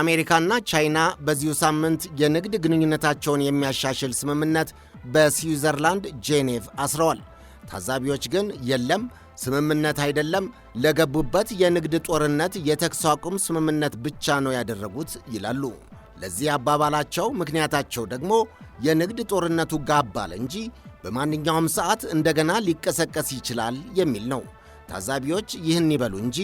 አሜሪካና ቻይና በዚሁ ሳምንት የንግድ ግንኙነታቸውን የሚያሻሽል ስምምነት በስዊዘርላንድ ጄኔቭ አስረዋል። ታዛቢዎች ግን የለም፣ ስምምነት አይደለም፣ ለገቡበት የንግድ ጦርነት የተኩስ አቁም ስምምነት ብቻ ነው ያደረጉት ይላሉ። ለዚህ አባባላቸው ምክንያታቸው ደግሞ የንግድ ጦርነቱ ጋባል እንጂ በማንኛውም ሰዓት እንደገና ሊቀሰቀስ ይችላል የሚል ነው። ታዛቢዎች ይህን ይበሉ እንጂ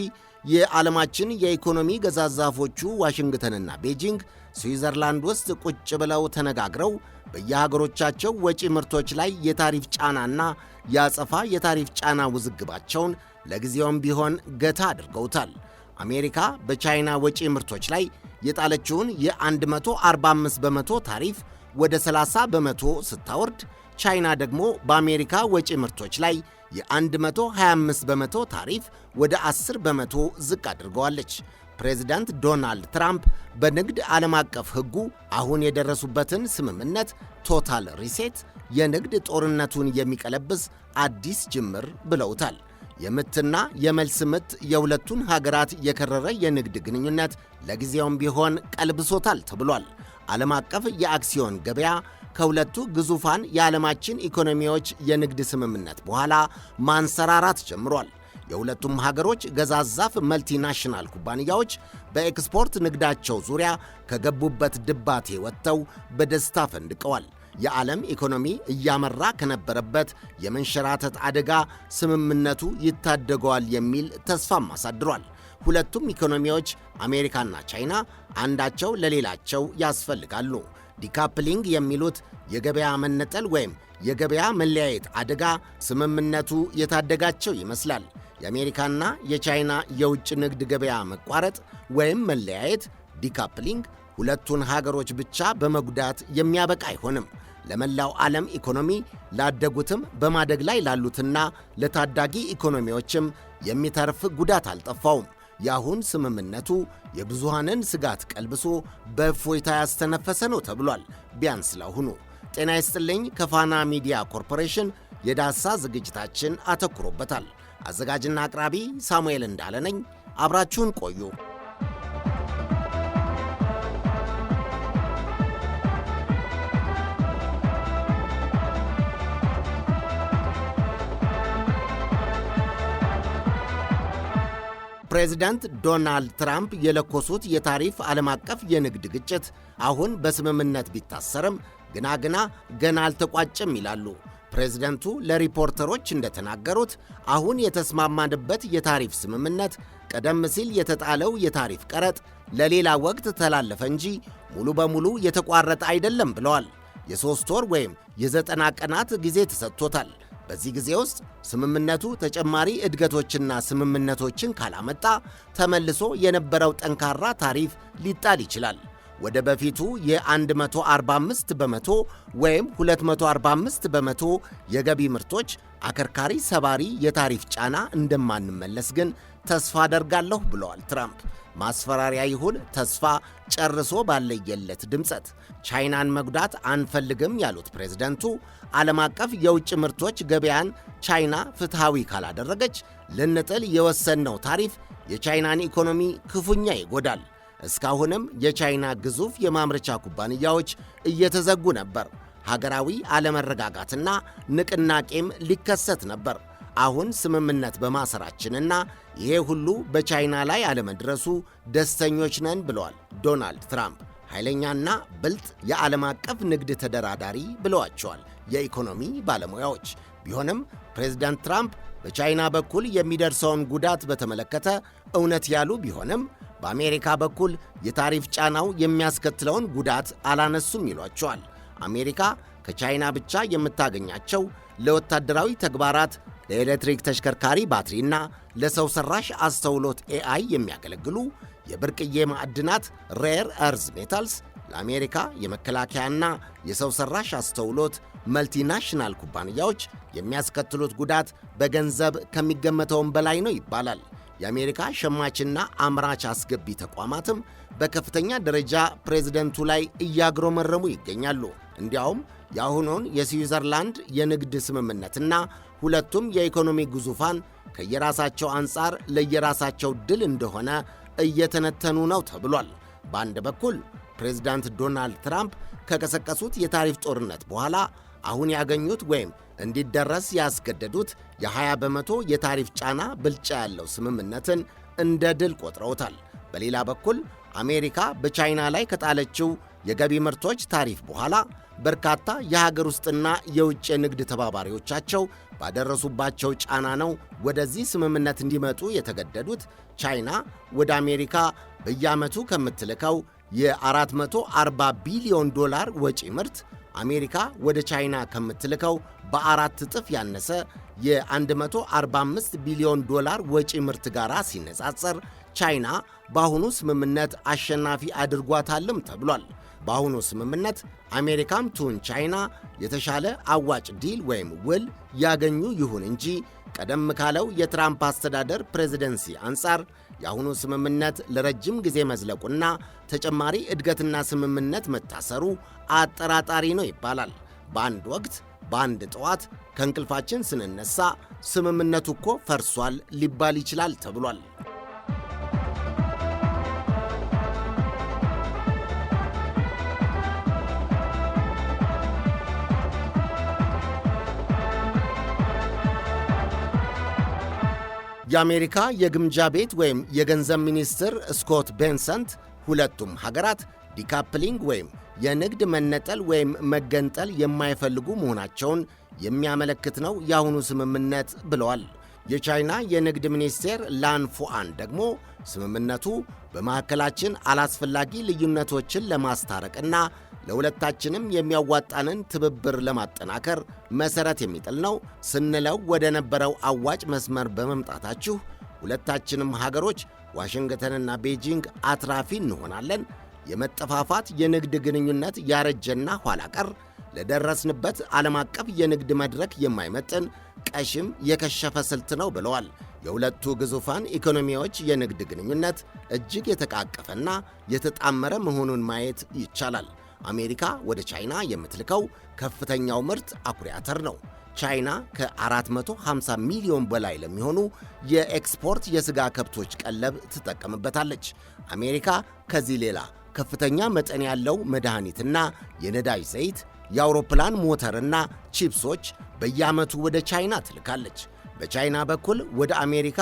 የዓለማችን የኢኮኖሚ ገዛዛፎቹ ዋሽንግተንና ቤጂንግ ስዊዘርላንድ ውስጥ ቁጭ ብለው ተነጋግረው በየሀገሮቻቸው ወጪ ምርቶች ላይ የታሪፍ ጫናና ያጸፋ የታሪፍ ጫና ውዝግባቸውን ለጊዜውም ቢሆን ገታ አድርገውታል። አሜሪካ በቻይና ወጪ ምርቶች ላይ የጣለችውን የ145 በመቶ ታሪፍ ወደ 30 በመቶ ስታወርድ ቻይና ደግሞ በአሜሪካ ወጪ ምርቶች ላይ የ125 በመቶ ታሪፍ ወደ 10 በመቶ ዝቅ አድርገዋለች። ፕሬዚዳንት ዶናልድ ትራምፕ በንግድ ዓለም አቀፍ ሕጉ አሁን የደረሱበትን ስምምነት ቶታል ሪሴት የንግድ ጦርነቱን የሚቀለብስ አዲስ ጅምር ብለውታል። የምትና የመልስ ምት የሁለቱን ሀገራት የከረረ የንግድ ግንኙነት ለጊዜውም ቢሆን ቀልብሶታል ተብሏል። ዓለም አቀፍ የአክሲዮን ገበያ ከሁለቱ ግዙፋን የዓለማችን ኢኮኖሚዎች የንግድ ስምምነት በኋላ ማንሰራራት ጀምሯል። የሁለቱም ሀገሮች ገዛዛፍ መልቲናሽናል ኩባንያዎች በኤክስፖርት ንግዳቸው ዙሪያ ከገቡበት ድባቴ ወጥተው በደስታ ፈንድቀዋል። የዓለም ኢኮኖሚ እያመራ ከነበረበት የመንሸራተት አደጋ ስምምነቱ ይታደገዋል የሚል ተስፋም አሳድሯል። ሁለቱም ኢኮኖሚዎች አሜሪካና ቻይና አንዳቸው ለሌላቸው ያስፈልጋሉ። ዲካፕሊንግ የሚሉት የገበያ መነጠል ወይም የገበያ መለያየት አደጋ ስምምነቱ የታደጋቸው ይመስላል። የአሜሪካና የቻይና የውጭ ንግድ ገበያ መቋረጥ ወይም መለያየት ዲካፕሊንግ ሁለቱን ሀገሮች ብቻ በመጉዳት የሚያበቃ አይሆንም። ለመላው ዓለም ኢኮኖሚ፣ ላደጉትም፣ በማደግ ላይ ላሉትና ለታዳጊ ኢኮኖሚዎችም የሚተርፍ ጉዳት አልጠፋውም። የአሁን ስምምነቱ የብዙሃንን ስጋት ቀልብሶ በእፎይታ ያስተነፈሰ ነው ተብሏል። ቢያንስ ለአሁኑ። ጤና ይስጥልኝ። ከፋና ሚዲያ ኮርፖሬሽን የዳሳ ዝግጅታችን አተኩሮበታል። አዘጋጅና አቅራቢ ሳሙኤል እንዳለ ነኝ። አብራችሁን ቆዩ። ፕሬዚዳንት ዶናልድ ትራምፕ የለኮሱት የታሪፍ ዓለም አቀፍ የንግድ ግጭት አሁን በስምምነት ቢታሰርም ግና ግና ገና አልተቋጭም ይላሉ። ፕሬዚደንቱ ለሪፖርተሮች እንደተናገሩት አሁን የተስማማንበት የታሪፍ ስምምነት ቀደም ሲል የተጣለው የታሪፍ ቀረጥ ለሌላ ወቅት ተላለፈ እንጂ ሙሉ በሙሉ የተቋረጠ አይደለም ብለዋል። የሦስት ወር ወይም የዘጠና ቀናት ጊዜ ተሰጥቶታል። በዚህ ጊዜ ውስጥ ስምምነቱ ተጨማሪ እድገቶችና ስምምነቶችን ካላመጣ ተመልሶ የነበረው ጠንካራ ታሪፍ ሊጣል ይችላል። ወደ በፊቱ የ145 በመቶ ወይም 245 በመቶ የገቢ ምርቶች አከርካሪ ሰባሪ የታሪፍ ጫና እንደማንመለስ ግን ተስፋ አደርጋለሁ ብለዋል ትራምፕ። ማስፈራሪያ ይሁን ተስፋ ጨርሶ ባለየለት ድምፀት ቻይናን መጉዳት አንፈልግም ያሉት ፕሬዝደንቱ ዓለም አቀፍ የውጭ ምርቶች ገበያን ቻይና ፍትሐዊ ካላደረገች ልንጥል የወሰንነው ታሪፍ የቻይናን ኢኮኖሚ ክፉኛ ይጎዳል። እስካሁንም የቻይና ግዙፍ የማምረቻ ኩባንያዎች እየተዘጉ ነበር። ሀገራዊ አለመረጋጋትና ንቅናቄም ሊከሰት ነበር። አሁን ስምምነት በማሰራችንና ይሄ ሁሉ በቻይና ላይ አለመድረሱ ደስተኞች ነን ብለዋል ዶናልድ ትራምፕ። ኃይለኛና ብልጥ የዓለም አቀፍ ንግድ ተደራዳሪ ብለዋቸዋል የኢኮኖሚ ባለሙያዎች። ቢሆንም ፕሬዝዳንት ትራምፕ በቻይና በኩል የሚደርሰውን ጉዳት በተመለከተ እውነት ያሉ ቢሆንም በአሜሪካ በኩል የታሪፍ ጫናው የሚያስከትለውን ጉዳት አላነሱም ይሏቸዋል። አሜሪካ ከቻይና ብቻ የምታገኛቸው ለወታደራዊ ተግባራት ለኤሌክትሪክ ተሽከርካሪ ባትሪና ለሰው ሰራሽ አስተውሎት ኤአይ የሚያገለግሉ የብርቅዬ ማዕድናት ሬር እርዝ ሜታልስ ለአሜሪካ የመከላከያና የሰው ሰራሽ አስተውሎት መልቲናሽናል ኩባንያዎች የሚያስከትሉት ጉዳት በገንዘብ ከሚገመተውን በላይ ነው ይባላል። የአሜሪካ ሸማችና አምራች አስገቢ ተቋማትም በከፍተኛ ደረጃ ፕሬዝደንቱ ላይ እያግሮመረሙ ይገኛሉ። እንዲያውም የአሁኑን የስዊዘርላንድ የንግድ ስምምነትና ሁለቱም የኢኮኖሚ ግዙፋን ከየራሳቸው አንጻር ለየራሳቸው ድል እንደሆነ እየተነተኑ ነው ተብሏል። በአንድ በኩል ፕሬዚዳንት ዶናልድ ትራምፕ ከቀሰቀሱት የታሪፍ ጦርነት በኋላ አሁን ያገኙት ወይም እንዲደረስ ያስገደዱት የ20 በመቶ የታሪፍ ጫና ብልጫ ያለው ስምምነትን እንደ ድል ቆጥረውታል። በሌላ በኩል አሜሪካ በቻይና ላይ ከጣለችው የገቢ ምርቶች ታሪፍ በኋላ በርካታ የሀገር ውስጥና የውጭ ንግድ ተባባሪዎቻቸው ባደረሱባቸው ጫና ነው ወደዚህ ስምምነት እንዲመጡ የተገደዱት። ቻይና ወደ አሜሪካ በየዓመቱ ከምትልከው የ440 ቢሊዮን ዶላር ወጪ ምርት አሜሪካ ወደ ቻይና ከምትልከው በአራት እጥፍ ያነሰ የ145 ቢሊዮን ዶላር ወጪ ምርት ጋር ሲነጻጸር ቻይና በአሁኑ ስምምነት አሸናፊ አድርጓታልም ተብሏል። በአሁኑ ስምምነት አሜሪካም ቱን ቻይና የተሻለ አዋጭ ዲል ወይም ውል ያገኙ ይሁን እንጂ ቀደም ካለው የትራምፕ አስተዳደር ፕሬዚደንሲ አንጻር የአሁኑ ስምምነት ለረጅም ጊዜ መዝለቁና ተጨማሪ እድገትና ስምምነት መታሰሩ አጠራጣሪ ነው ይባላል። በአንድ ወቅት በአንድ ጠዋት ከእንቅልፋችን ስንነሳ ስምምነቱ እኮ ፈርሷል ሊባል ይችላል ተብሏል። የአሜሪካ የግምጃ ቤት ወይም የገንዘብ ሚኒስትር ስኮት ቤንሰንት ሁለቱም ሀገራት ዲካፕሊንግ ወይም የንግድ መነጠል ወይም መገንጠል የማይፈልጉ መሆናቸውን የሚያመለክት ነው የአሁኑ ስምምነት ብለዋል። የቻይና የንግድ ሚኒስቴር ላን ፉአን ደግሞ ስምምነቱ በማዕከላችን አላስፈላጊ ልዩነቶችን ለማስታረቅና ለሁለታችንም የሚያዋጣንን ትብብር ለማጠናከር መሠረት የሚጥል ነው ስንለው ወደ ነበረው አዋጭ መስመር በመምጣታችሁ ሁለታችንም ሀገሮች ዋሽንግተንና ቤጂንግ አትራፊ እንሆናለን። የመጠፋፋት የንግድ ግንኙነት ያረጀና ኋላ ቀር ለደረስንበት ዓለም አቀፍ የንግድ መድረክ የማይመጥን ቀሽም የከሸፈ ስልት ነው ብለዋል። የሁለቱ ግዙፋን ኢኮኖሚዎች የንግድ ግንኙነት እጅግ የተቃቀፈና የተጣመረ መሆኑን ማየት ይቻላል። አሜሪካ ወደ ቻይና የምትልከው ከፍተኛው ምርት አኩሪ አተር ነው። ቻይና ከ450 ሚሊዮን በላይ ለሚሆኑ የኤክስፖርት የሥጋ ከብቶች ቀለብ ትጠቀምበታለች። አሜሪካ ከዚህ ሌላ ከፍተኛ መጠን ያለው መድኃኒትና የነዳጅ ዘይት፣ የአውሮፕላን ሞተርና ቺፕሶች በየዓመቱ ወደ ቻይና ትልካለች። በቻይና በኩል ወደ አሜሪካ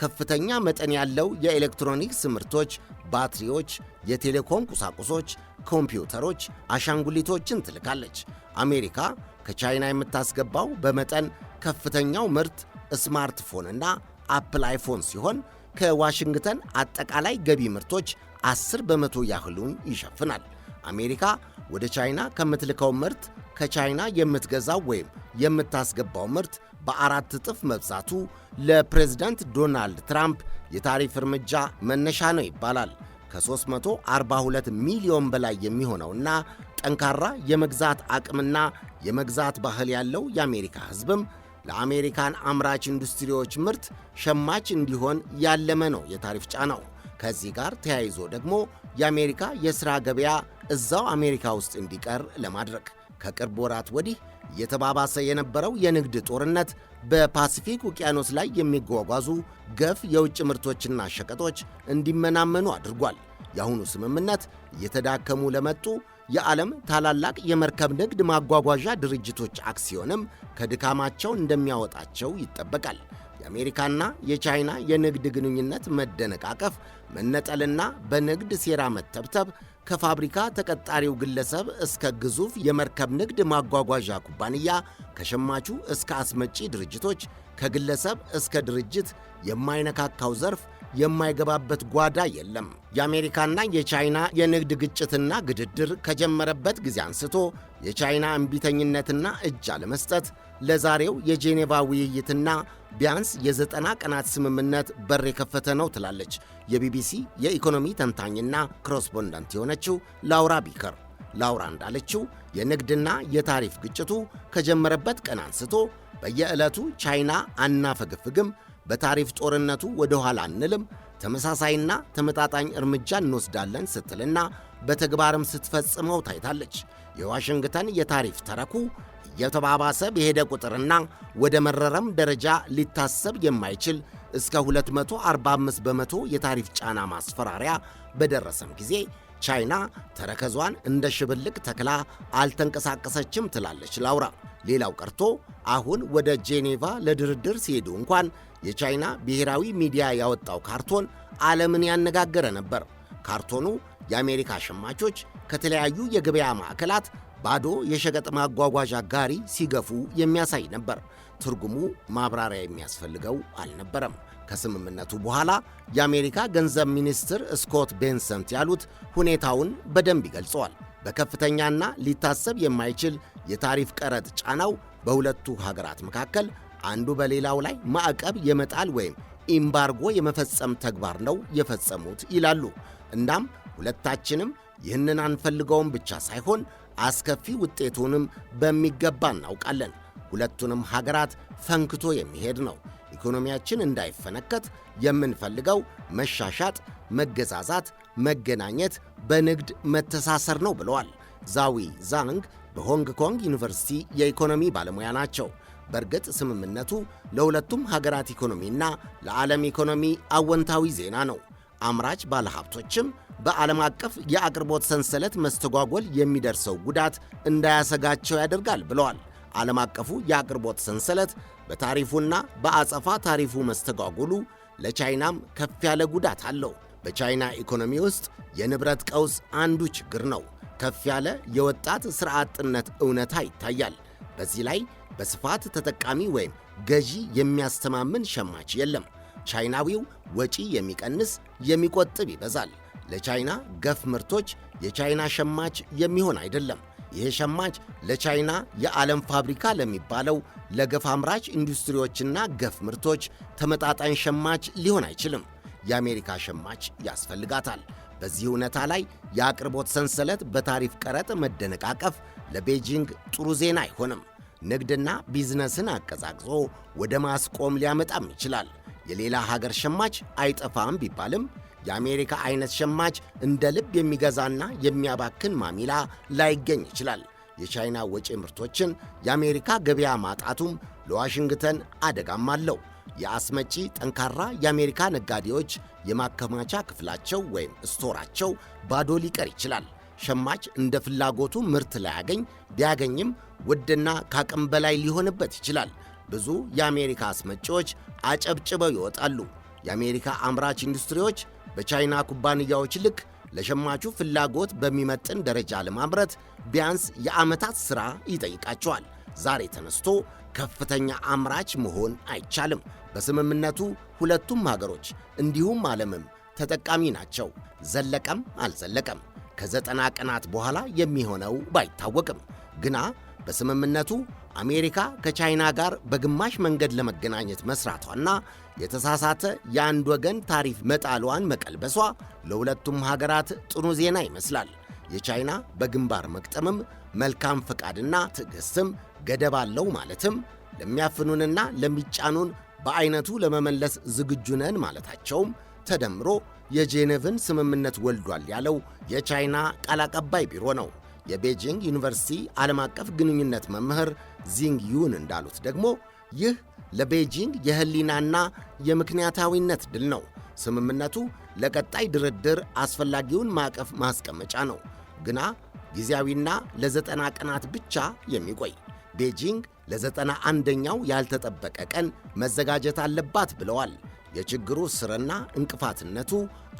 ከፍተኛ መጠን ያለው የኤሌክትሮኒክስ ምርቶች፣ ባትሪዎች፣ የቴሌኮም ቁሳቁሶች፣ ኮምፒውተሮች፣ አሻንጉሊቶችን ትልካለች። አሜሪካ ከቻይና የምታስገባው በመጠን ከፍተኛው ምርት ስማርትፎንና አፕል አይፎን ሲሆን ከዋሽንግተን አጠቃላይ ገቢ ምርቶች 10 በመቶ ያህሉን ይሸፍናል። አሜሪካ ወደ ቻይና ከምትልከው ምርት ከቻይና የምትገዛው ወይም የምታስገባው ምርት በአራት እጥፍ መብዛቱ ለፕሬዝዳንት ዶናልድ ትራምፕ የታሪፍ እርምጃ መነሻ ነው ይባላል። ከ342 ሚሊዮን በላይ የሚሆነውና ጠንካራ የመግዛት አቅምና የመግዛት ባህል ያለው የአሜሪካ ሕዝብም ለአሜሪካን አምራች ኢንዱስትሪዎች ምርት ሸማች እንዲሆን ያለመ ነው የታሪፍ ጫናው። ከዚህ ጋር ተያይዞ ደግሞ የአሜሪካ የሥራ ገበያ እዛው አሜሪካ ውስጥ እንዲቀር ለማድረግ ከቅርብ ወራት ወዲህ እየተባባሰ የነበረው የንግድ ጦርነት በፓሲፊክ ውቅያኖስ ላይ የሚጓጓዙ ገፍ የውጭ ምርቶችና ሸቀጦች እንዲመናመኑ አድርጓል። የአሁኑ ስምምነት እየተዳከሙ ለመጡ የዓለም ታላላቅ የመርከብ ንግድ ማጓጓዣ ድርጅቶች አክሲዮንም ከድካማቸው እንደሚያወጣቸው ይጠበቃል። የአሜሪካና የቻይና የንግድ ግንኙነት መደነቃቀፍ፣ መነጠልና በንግድ ሴራ መተብተብ ከፋብሪካ ተቀጣሪው ግለሰብ እስከ ግዙፍ የመርከብ ንግድ ማጓጓዣ ኩባንያ፣ ከሸማቹ እስከ አስመጪ ድርጅቶች፣ ከግለሰብ እስከ ድርጅት የማይነካካው ዘርፍ የማይገባበት ጓዳ የለም። የአሜሪካና የቻይና የንግድ ግጭትና ግድድር ከጀመረበት ጊዜ አንስቶ የቻይና እምቢተኝነትና እጅ አለመስጠት ለዛሬው የጄኔቫ ውይይትና ቢያንስ የዘጠና ቀናት ስምምነት በር የከፈተ ነው ትላለች የቢቢሲ የኢኮኖሚ ተንታኝና ኮረስፖንዳንት የሆነችው ላውራ ቢከር። ላውራ እንዳለችው የንግድና የታሪፍ ግጭቱ ከጀመረበት ቀን አንስቶ በየዕለቱ ቻይና አናፈግፍግም፣ በታሪፍ ጦርነቱ ወደ ኋላ አንልም፣ ተመሳሳይና ተመጣጣኝ እርምጃ እንወስዳለን ስትልና በተግባርም ስትፈጽመው ታይታለች። የዋሽንግተን የታሪፍ ተረኩ የተባባሰ በሄደ ቁጥርና ወደ መረረም ደረጃ ሊታሰብ የማይችል እስከ 245 በመቶ የታሪፍ ጫና ማስፈራሪያ በደረሰም ጊዜ ቻይና ተረከዟን እንደ ሽብልቅ ተክላ አልተንቀሳቀሰችም ትላለች ላውራ። ሌላው ቀርቶ አሁን ወደ ጄኔቫ ለድርድር ሲሄዱ እንኳን የቻይና ብሔራዊ ሚዲያ ያወጣው ካርቶን ዓለምን ያነጋገረ ነበር። ካርቶኑ የአሜሪካ ሸማቾች ከተለያዩ የገበያ ማዕከላት ባዶ የሸቀጥ ማጓጓዣ ጋሪ ሲገፉ የሚያሳይ ነበር። ትርጉሙ ማብራሪያ የሚያስፈልገው አልነበረም። ከስምምነቱ በኋላ የአሜሪካ ገንዘብ ሚኒስትር ስኮት ቤንሰንት ያሉት ሁኔታውን በደንብ ይገልጸዋል። በከፍተኛና ሊታሰብ የማይችል የታሪፍ ቀረጥ ጫናው በሁለቱ ሀገራት መካከል አንዱ በሌላው ላይ ማዕቀብ የመጣል ወይም ኢምባርጎ የመፈጸም ተግባር ነው የፈጸሙት ይላሉ። እናም ሁለታችንም ይህንን አንፈልገውም ብቻ ሳይሆን አስከፊ ውጤቱንም በሚገባ እናውቃለን። ሁለቱንም ሀገራት ፈንክቶ የሚሄድ ነው። ኢኮኖሚያችን እንዳይፈነከት የምንፈልገው መሻሻጥ፣ መገዛዛት፣ መገናኘት፣ በንግድ መተሳሰር ነው ብለዋል። ዛዊ ዛንግ በሆንግ ኮንግ ዩኒቨርሲቲ የኢኮኖሚ ባለሙያ ናቸው። በእርግጥ ስምምነቱ ለሁለቱም ሀገራት ኢኮኖሚና ለዓለም ኢኮኖሚ አወንታዊ ዜና ነው። አምራች ባለሀብቶችም በዓለም አቀፍ የአቅርቦት ሰንሰለት መስተጓጎል የሚደርሰው ጉዳት እንዳያሰጋቸው ያደርጋል ብለዋል። ዓለም አቀፉ የአቅርቦት ሰንሰለት በታሪፉና በአጸፋ ታሪፉ መስተጓጎሉ ለቻይናም ከፍ ያለ ጉዳት አለው። በቻይና ኢኮኖሚ ውስጥ የንብረት ቀውስ አንዱ ችግር ነው። ከፍ ያለ የወጣት ሥራ አጥነት እውነታ ይታያል። በዚህ ላይ በስፋት ተጠቃሚ ወይም ገዢ የሚያስተማምን ሸማች የለም። ቻይናዊው ወጪ የሚቀንስ የሚቆጥብ ይበዛል። ለቻይና ገፍ ምርቶች የቻይና ሸማች የሚሆን አይደለም። ይህ ሸማች ለቻይና የዓለም ፋብሪካ ለሚባለው ለገፍ አምራች ኢንዱስትሪዎችና ገፍ ምርቶች ተመጣጣኝ ሸማች ሊሆን አይችልም። የአሜሪካ ሸማች ያስፈልጋታል። በዚህ እውነታ ላይ የአቅርቦት ሰንሰለት በታሪፍ ቀረጥ መደነቃቀፍ ለቤጂንግ ጥሩ ዜና አይሆንም። ንግድና ቢዝነስን አቀዛቅዞ ወደ ማስቆም ሊያመጣም ይችላል። የሌላ ሀገር ሸማች አይጠፋም ቢባልም የአሜሪካ አይነት ሸማች እንደ ልብ የሚገዛና የሚያባክን ማሚላ ላይገኝ ይችላል። የቻይና ወጪ ምርቶችን የአሜሪካ ገበያ ማጣቱም ለዋሽንግተን አደጋም አለው። የአስመጪ ጠንካራ የአሜሪካ ነጋዴዎች የማከማቻ ክፍላቸው ወይም ስቶራቸው ባዶ ሊቀር ይችላል። ሸማች እንደ ፍላጎቱ ምርት ላያገኝ ቢያገኝም ውድና ከአቅም በላይ ሊሆንበት ይችላል። ብዙ የአሜሪካ አስመጪዎች አጨብጭበው ይወጣሉ። የአሜሪካ አምራች ኢንዱስትሪዎች በቻይና ኩባንያዎች ልክ ለሸማቹ ፍላጎት በሚመጥን ደረጃ ለማምረት ቢያንስ የዓመታት ሥራ ይጠይቃቸዋል። ዛሬ ተነስቶ ከፍተኛ አምራች መሆን አይቻልም። በስምምነቱ ሁለቱም ሀገሮች እንዲሁም ዓለምም ተጠቃሚ ናቸው። ዘለቀም አልዘለቀም ከዘጠና ቀናት በኋላ የሚሆነው ባይታወቅም ግና በስምምነቱ አሜሪካ ከቻይና ጋር በግማሽ መንገድ ለመገናኘት መስራቷና የተሳሳተ የአንድ ወገን ታሪፍ መጣሏን መቀልበሷ ለሁለቱም ሀገራት ጥሩ ዜና ይመስላል። የቻይና በግንባር መቅጠምም መልካም ፈቃድና ትዕግስትም ገደብ አለው ማለትም ለሚያፍኑንና ለሚጫኑን በአይነቱ ለመመለስ ዝግጁ ነን ማለታቸውም ተደምሮ የጄኔቭን ስምምነት ወልዷል ያለው የቻይና ቃል አቀባይ ቢሮ ነው። የቤጂንግ ዩኒቨርሲቲ ዓለም አቀፍ ግንኙነት መምህር ዚንግ ዩን እንዳሉት ደግሞ ይህ ለቤጂንግ የህሊናና የምክንያታዊነት ድል ነው። ስምምነቱ ለቀጣይ ድርድር አስፈላጊውን ማዕቀፍ ማስቀመጫ ነው፣ ግና ጊዜያዊና ለዘጠና ቀናት ብቻ የሚቆይ ቤጂንግ ለዘጠና አንደኛው ያልተጠበቀ ቀን መዘጋጀት አለባት ብለዋል። የችግሩ ስርና እንቅፋትነቱ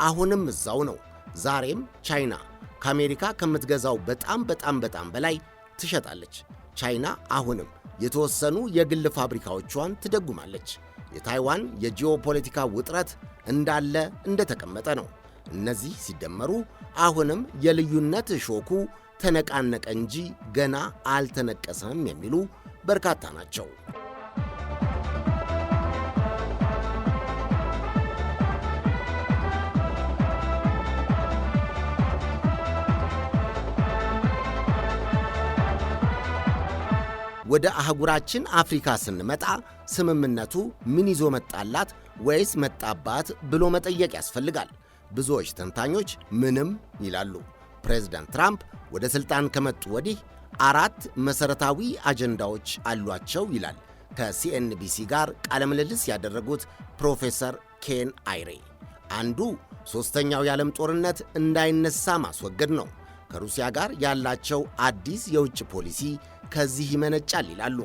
አሁንም እዛው ነው። ዛሬም ቻይና ከአሜሪካ ከምትገዛው በጣም በጣም በጣም በላይ ትሸጣለች። ቻይና አሁንም የተወሰኑ የግል ፋብሪካዎቿን ትደጉማለች። የታይዋን የጂኦፖለቲካ ውጥረት እንዳለ እንደተቀመጠ ነው። እነዚህ ሲደመሩ አሁንም የልዩነት እሾኩ ተነቃነቀ እንጂ ገና አልተነቀሰም የሚሉ በርካታ ናቸው። ወደ አህጉራችን አፍሪካ ስንመጣ ስምምነቱ ምን ይዞ መጣላት ወይስ መጣባት ብሎ መጠየቅ ያስፈልጋል። ብዙዎች ተንታኞች ምንም ይላሉ። ፕሬዝዳንት ትራምፕ ወደ ሥልጣን ከመጡ ወዲህ አራት መሠረታዊ አጀንዳዎች አሏቸው ይላል ከሲኤንቢሲ ጋር ቃለምልልስ ያደረጉት ፕሮፌሰር ኬን አይሬ። አንዱ ሦስተኛው የዓለም ጦርነት እንዳይነሳ ማስወገድ ነው። ከሩሲያ ጋር ያላቸው አዲስ የውጭ ፖሊሲ ከዚህ ይመነጫል ይላሉ።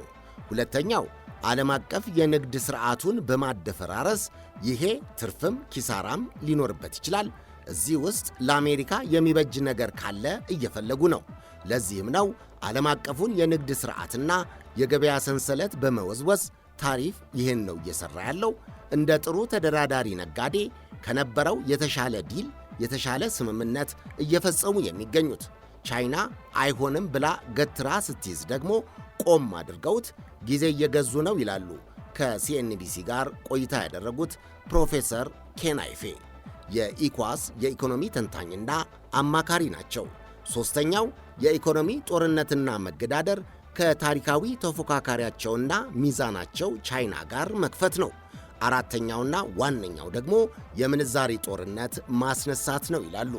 ሁለተኛው ዓለም አቀፍ የንግድ ሥርዓቱን በማደፈራረስ ይሄ ትርፍም ኪሳራም ሊኖርበት ይችላል። እዚህ ውስጥ ለአሜሪካ የሚበጅ ነገር ካለ እየፈለጉ ነው። ለዚህም ነው ዓለም አቀፉን የንግድ ሥርዓትና የገበያ ሰንሰለት በመወዝወዝ ታሪፍ ይህን ነው እየሠራ ያለው። እንደ ጥሩ ተደራዳሪ ነጋዴ ከነበረው የተሻለ ዲል የተሻለ ስምምነት እየፈጸሙ የሚገኙት። ቻይና አይሆንም ብላ ገትራ ስትይዝ ደግሞ ቆም አድርገውት ጊዜ እየገዙ ነው ይላሉ ከሲኤንቢሲ ጋር ቆይታ ያደረጉት ፕሮፌሰር ኬናይፌ የኢኳስ የኢኮኖሚ ተንታኝና አማካሪ ናቸው። ሦስተኛው የኢኮኖሚ ጦርነትና መገዳደር ከታሪካዊ ተፎካካሪያቸውና ሚዛናቸው ቻይና ጋር መክፈት ነው። አራተኛውና ዋነኛው ደግሞ የምንዛሪ ጦርነት ማስነሳት ነው ይላሉ።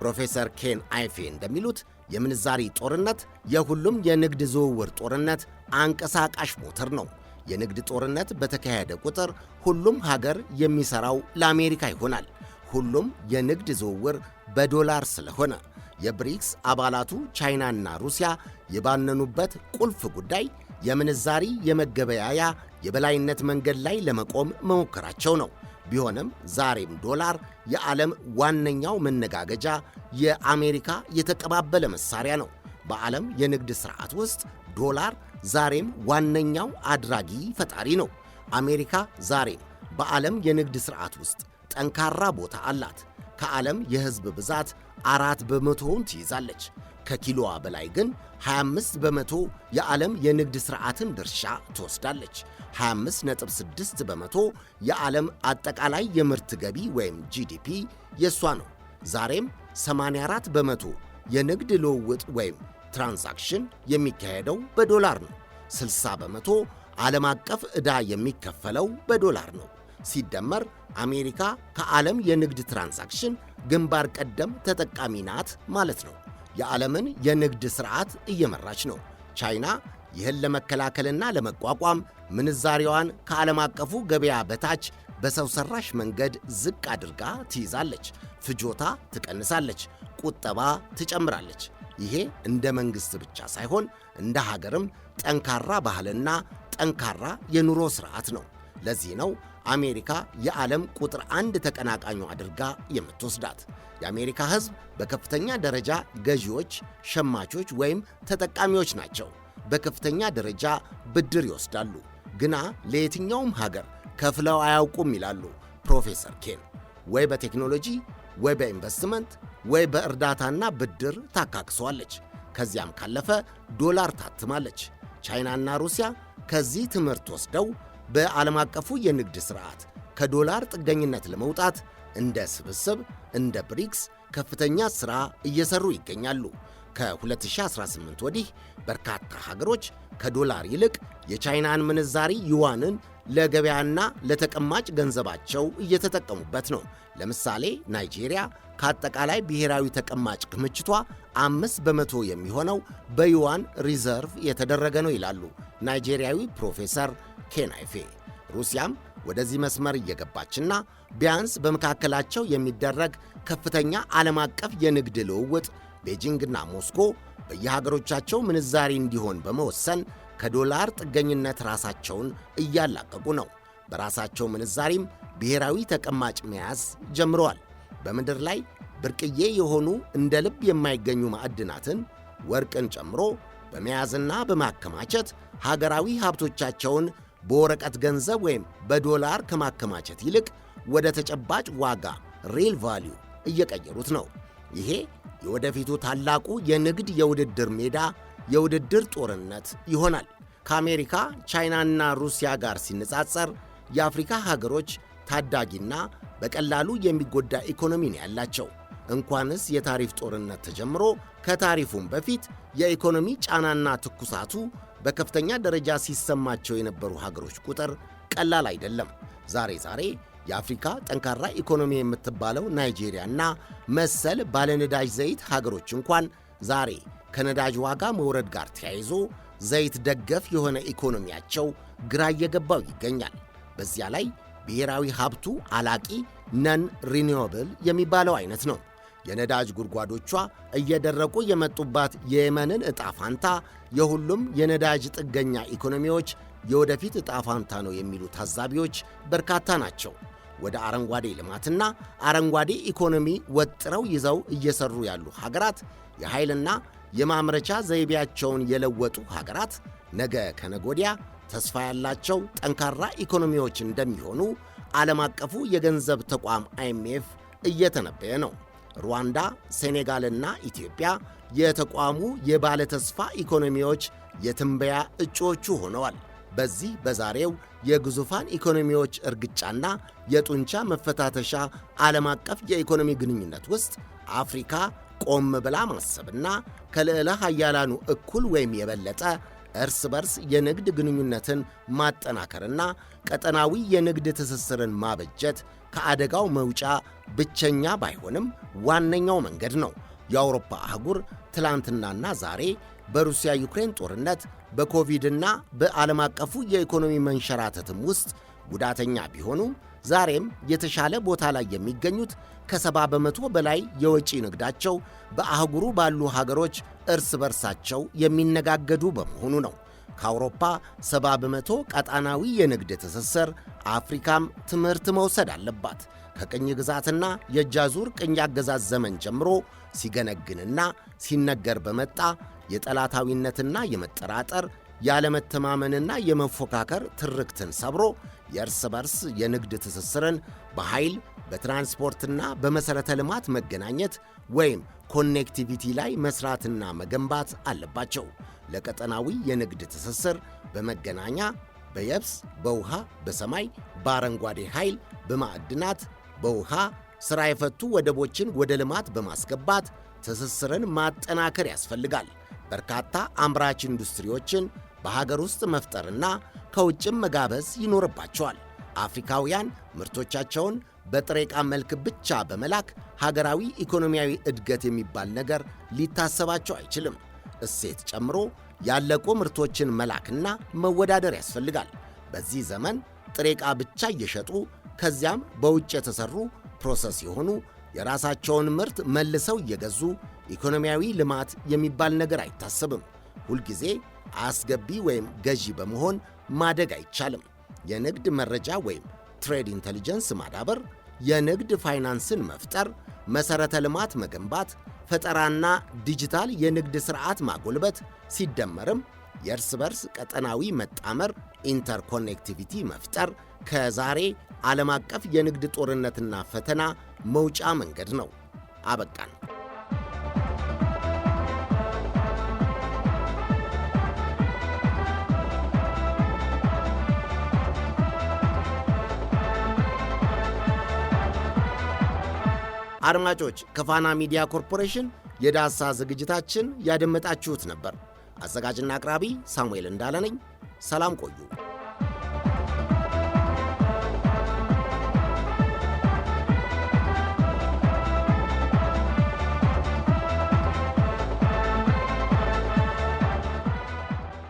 ፕሮፌሰር ኬን አይፌ እንደሚሉት የምንዛሪ ጦርነት የሁሉም የንግድ ዝውውር ጦርነት አንቀሳቃሽ ሞተር ነው። የንግድ ጦርነት በተካሄደ ቁጥር ሁሉም ሀገር የሚሠራው ለአሜሪካ ይሆናል። ሁሉም የንግድ ዝውውር በዶላር ስለሆነ የብሪክስ አባላቱ ቻይናና ሩሲያ የባነኑበት ቁልፍ ጉዳይ የምንዛሪ የመገበያያ የበላይነት መንገድ ላይ ለመቆም መሞከራቸው ነው። ቢሆንም ዛሬም ዶላር የዓለም ዋነኛው መነጋገጃ የአሜሪካ የተቀባበለ መሳሪያ ነው። በዓለም የንግድ ሥርዓት ውስጥ ዶላር ዛሬም ዋነኛው አድራጊ ፈጣሪ ነው። አሜሪካ ዛሬም በዓለም የንግድ ሥርዓት ውስጥ ጠንካራ ቦታ አላት። ከዓለም የሕዝብ ብዛት አራት በመቶውን ትይዛለች። ከኪሎዋ በላይ ግን 25 በመቶ የዓለም የንግድ ሥርዓትን ድርሻ ትወስዳለች። 25.6 በመቶ የዓለም አጠቃላይ የምርት ገቢ ወይም ጂዲፒ የእሷ ነው። ዛሬም 84 በመቶ የንግድ ልውውጥ ወይም ትራንዛክሽን የሚካሄደው በዶላር ነው። 60 በመቶ ዓለም አቀፍ ዕዳ የሚከፈለው በዶላር ነው። ሲደመር አሜሪካ ከዓለም የንግድ ትራንዛክሽን ግንባር ቀደም ተጠቃሚ ናት ማለት ነው። የዓለምን የንግድ ሥርዓት እየመራች ነው። ቻይና ይህን ለመከላከልና ለመቋቋም ምንዛሪዋን ከዓለም አቀፉ ገበያ በታች በሰው ሰራሽ መንገድ ዝቅ አድርጋ ትይዛለች። ፍጆታ ትቀንሳለች፣ ቁጠባ ትጨምራለች። ይሄ እንደ መንግሥት ብቻ ሳይሆን እንደ ሀገርም ጠንካራ ባህልና ጠንካራ የኑሮ ሥርዓት ነው። ለዚህ ነው አሜሪካ የዓለም ቁጥር አንድ ተቀናቃኙ አድርጋ የምትወስዳት። የአሜሪካ ሕዝብ በከፍተኛ ደረጃ ገዢዎች፣ ሸማቾች ወይም ተጠቃሚዎች ናቸው። በከፍተኛ ደረጃ ብድር ይወስዳሉ፣ ግና ለየትኛውም ሀገር ከፍለው አያውቁም ይላሉ ፕሮፌሰር ኬን። ወይ በቴክኖሎጂ ወይ በኢንቨስትመንት ወይ በእርዳታና ብድር ታካክሰዋለች። ከዚያም ካለፈ ዶላር ታትማለች። ቻይናና ሩሲያ ከዚህ ትምህርት ወስደው በዓለም አቀፉ የንግድ ሥርዓት ከዶላር ጥገኝነት ለመውጣት እንደ ስብስብ እንደ ብሪክስ ከፍተኛ ሥራ እየሠሩ ይገኛሉ። ከ2018 ወዲህ በርካታ ሀገሮች ከዶላር ይልቅ የቻይናን ምንዛሪ ዩዋንን ለገበያና ለተቀማጭ ገንዘባቸው እየተጠቀሙበት ነው። ለምሳሌ ናይጄሪያ ከአጠቃላይ ብሔራዊ ተቀማጭ ክምችቷ አምስት በመቶ የሚሆነው በዩዋን ሪዘርቭ የተደረገ ነው ይላሉ ናይጄሪያዊ ፕሮፌሰር ኬናይፌ። ሩሲያም ወደዚህ መስመር እየገባችና ቢያንስ በመካከላቸው የሚደረግ ከፍተኛ ዓለም አቀፍ የንግድ ልውውጥ ቤጂንግና ሞስኮ በየሀገሮቻቸው ምንዛሪ እንዲሆን በመወሰን ከዶላር ጥገኝነት ራሳቸውን እያላቀቁ ነው። በራሳቸው ምንዛሪም ብሔራዊ ተቀማጭ መያዝ ጀምረዋል። በምድር ላይ ብርቅዬ የሆኑ እንደ ልብ የማይገኙ ማዕድናትን ወርቅን ጨምሮ በመያዝና በማከማቸት ሀገራዊ ሀብቶቻቸውን በወረቀት ገንዘብ ወይም በዶላር ከማከማቸት ይልቅ ወደ ተጨባጭ ዋጋ ሪል ቫሊዩ እየቀየሩት ነው። ይሄ የወደፊቱ ታላቁ የንግድ የውድድር ሜዳ የውድድር ጦርነት ይሆናል። ከአሜሪካ ቻይናና ሩሲያ ጋር ሲነጻጸር የአፍሪካ ሀገሮች ታዳጊና በቀላሉ የሚጎዳ ኢኮኖሚ ነው ያላቸው። እንኳንስ የታሪፍ ጦርነት ተጀምሮ ከታሪፉም በፊት የኢኮኖሚ ጫናና ትኩሳቱ በከፍተኛ ደረጃ ሲሰማቸው የነበሩ ሀገሮች ቁጥር ቀላል አይደለም። ዛሬ ዛሬ የአፍሪካ ጠንካራ ኢኮኖሚ የምትባለው ናይጄሪያ እና መሰል ባለነዳጅ ዘይት ሀገሮች እንኳን ዛሬ ከነዳጅ ዋጋ መውረድ ጋር ተያይዞ ዘይት ደገፍ የሆነ ኢኮኖሚያቸው ግራ እየገባው ይገኛል። በዚያ ላይ ብሔራዊ ሀብቱ አላቂ ነን ሪኒዌብል የሚባለው አይነት ነው። የነዳጅ ጉድጓዶቿ እየደረቁ የመጡባት የየመንን ዕጣ ፋንታ የሁሉም የነዳጅ ጥገኛ ኢኮኖሚዎች የወደፊት ዕጣ ፋንታ ነው የሚሉ ታዛቢዎች በርካታ ናቸው። ወደ አረንጓዴ ልማትና አረንጓዴ ኢኮኖሚ ወጥረው ይዘው እየሰሩ ያሉ ሀገራት፣ የኃይልና የማምረቻ ዘይቤያቸውን የለወጡ ሀገራት ነገ ከነጎዲያ ተስፋ ያላቸው ጠንካራ ኢኮኖሚዎች እንደሚሆኑ ዓለም አቀፉ የገንዘብ ተቋም አይኤምኤፍ እየተነበየ ነው። ሩዋንዳ፣ ሴኔጋልና ኢትዮጵያ የተቋሙ የባለተስፋ ኢኮኖሚዎች የትንበያ እጩዎቹ ሆነዋል። በዚህ በዛሬው የግዙፋን ኢኮኖሚዎች እርግጫና የጡንቻ መፈታተሻ ዓለም አቀፍ የኢኮኖሚ ግንኙነት ውስጥ አፍሪካ ቆም ብላ ማሰብና ከልዕለ ኃያላኑ እኩል ወይም የበለጠ እርስ በርስ የንግድ ግንኙነትን ማጠናከርና ቀጠናዊ የንግድ ትስስርን ማበጀት ከአደጋው መውጫ ብቸኛ ባይሆንም ዋነኛው መንገድ ነው። የአውሮፓ አህጉር ትላንትናና ዛሬ በሩሲያ ዩክሬን ጦርነት በኮቪድና በዓለም አቀፉ የኢኮኖሚ መንሸራተትም ውስጥ ጉዳተኛ ቢሆኑም ዛሬም የተሻለ ቦታ ላይ የሚገኙት ከሰባ በመቶ በላይ የወጪ ንግዳቸው በአህጉሩ ባሉ ሀገሮች እርስ በርሳቸው የሚነጋገዱ በመሆኑ ነው። ከአውሮፓ ሰባ በመቶ ቀጣናዊ የንግድ ትስስር፣ አፍሪካም ትምህርት መውሰድ አለባት። ከቅኝ ግዛትና የጃዙር ቅኝ አገዛዝ ዘመን ጀምሮ ሲገነግንና ሲነገር በመጣ የጠላታዊነትና የመጠራጠር ያለመተማመንና የመፎካከር ትርክትን ሰብሮ የእርስ በርስ የንግድ ትስስርን በኃይል በትራንስፖርትና በመሠረተ ልማት መገናኘት ወይም ኮኔክቲቪቲ ላይ መሥራትና መገንባት አለባቸው። ለቀጠናዊ የንግድ ትስስር በመገናኛ፣ በየብስ፣ በውሃ፣ በሰማይ፣ በአረንጓዴ ኃይል፣ በማዕድናት፣ በውሃ ሥራ የፈቱ ወደቦችን ወደ ልማት በማስገባት ትስስርን ማጠናከር ያስፈልጋል። በርካታ አምራች ኢንዱስትሪዎችን በሀገር ውስጥ መፍጠርና ከውጭም መጋበዝ ይኖርባቸዋል። አፍሪካውያን ምርቶቻቸውን በጥሬ ዕቃ መልክ ብቻ በመላክ ሀገራዊ ኢኮኖሚያዊ እድገት የሚባል ነገር ሊታሰባቸው አይችልም። እሴት ጨምሮ ያለቁ ምርቶችን መላክና መወዳደር ያስፈልጋል። በዚህ ዘመን ጥሬ ዕቃ ብቻ እየሸጡ ከዚያም በውጭ የተሠሩ ፕሮሰስ የሆኑ የራሳቸውን ምርት መልሰው እየገዙ ኢኮኖሚያዊ ልማት የሚባል ነገር አይታሰብም። ሁልጊዜ አስገቢ ወይም ገዢ በመሆን ማደግ አይቻልም። የንግድ መረጃ ወይም ትሬድ ኢንቴሊጀንስ ማዳበር፣ የንግድ ፋይናንስን መፍጠር፣ መሠረተ ልማት መገንባት፣ ፈጠራና ዲጂታል የንግድ ሥርዓት ማጎልበት ሲደመርም የእርስ በርስ ቀጠናዊ መጣመር ኢንተርኮኔክቲቪቲ መፍጠር ከዛሬ ዓለም አቀፍ የንግድ ጦርነትና ፈተና መውጫ መንገድ ነው። አበቃን። አድማጮች ከፋና ሚዲያ ኮርፖሬሽን የዳሳ ዝግጅታችን ያደመጣችሁት ነበር። አዘጋጅና አቅራቢ ሳሙኤል እንዳለ ነኝ። ሰላም ቆዩ።